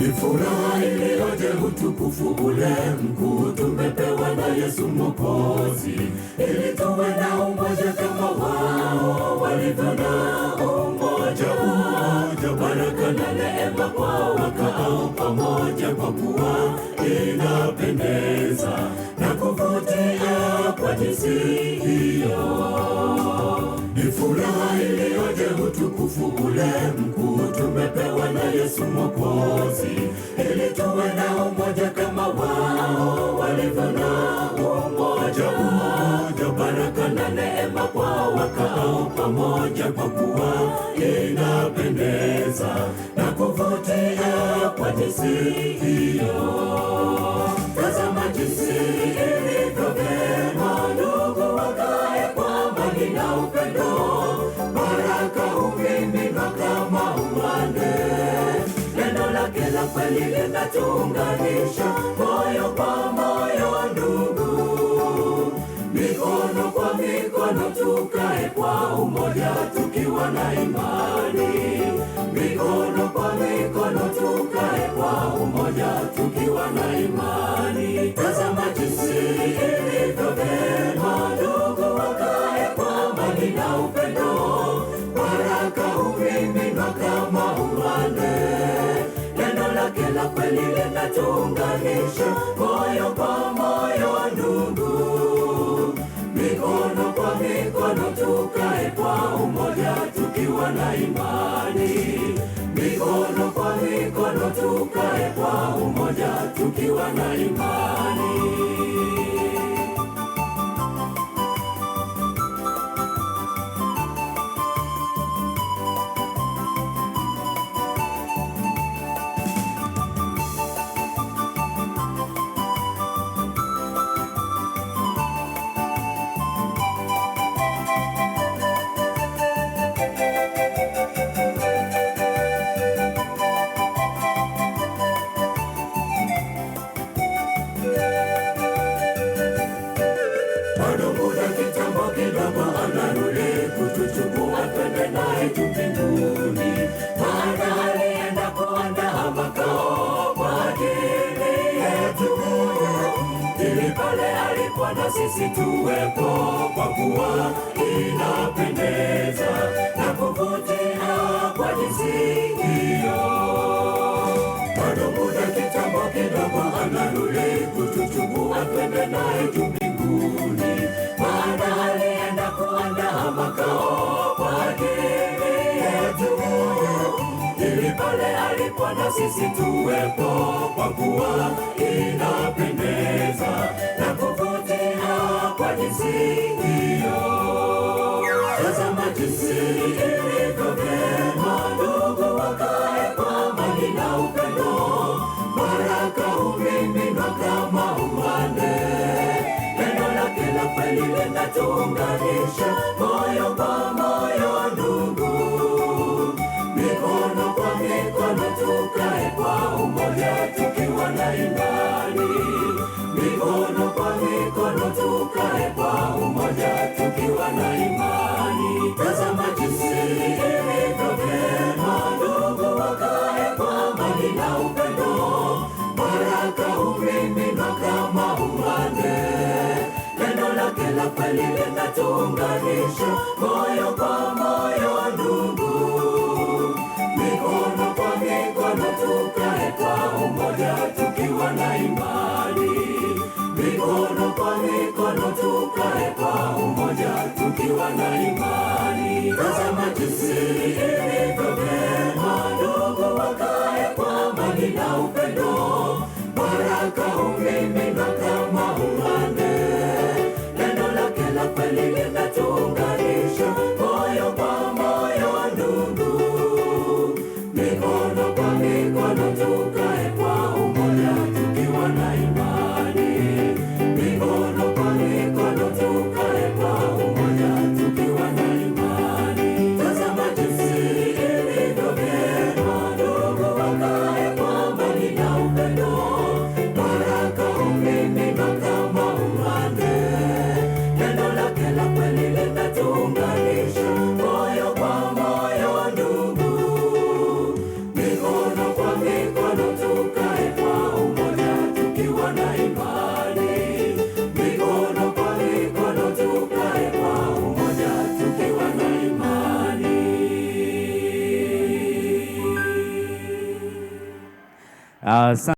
Ni furaha iliyoje utukufu ule mkuu tumepewa na Yesu Mwokozi, ili tuwe na umoja kama wao walivyo nao umoja huo. Baraka na neema kwa wakaao pamoja, kwa kuwa inapendeza na kuvutia kwa jinsi hiyo. Furaha iliyoje utukufu ule mkuu tumepewa na Yesu Mwokozi, ili tuwe na umoja kama wao walivyo na umoja. Umoja, baraka na neema kwa wakao pamoja, kwa kuwa inapendeza na kuvutia kwa jinsi hiyo. tunganisha moyo kwa moyo, ndugu, mikono kwa mikono, tukae kwa umoja tukiwa na imani, mikono kwa mikono, tukae kwa umoja tukiwa na imani. Tazama jinsi ilivyo vema, ndugu, wakae kwa amani na upendo lile latuunganishe moyo kwa moyo, ndugu, mikono kwa mikono, tukae kwa umoja tukiwa na imani, mikono kwa mikono, tukae kwa umoja tukiwa na imani. sisi tuwepo, kwa kuwa inapendeza na kuvutia kwa jinsi hiyo. Bado muda kitambo kidogo, anarudi kutuchukua twende naye juu mbinguni, maana alienda kuandaa makao kwa ajili yetu, pale alipo na sisi tuwepo, kwa kuwa inapendeza linatuunganisha moyo kwa moyo, ndugu, mikono kwa mikono, tukae kwa umoja tukiwa na imani mikono ukiwa na imani, tazama jinsi ilivyo vyema ndugu wakae kwa amani na upendo, baraka humimina kama umande. Neno lake la kweli linatuunganisha moyo kwa moyo na imani. Tazama jinsi ilivyo vyema ndugu wakae kwa amani na upendo, baraka umimina Gracias.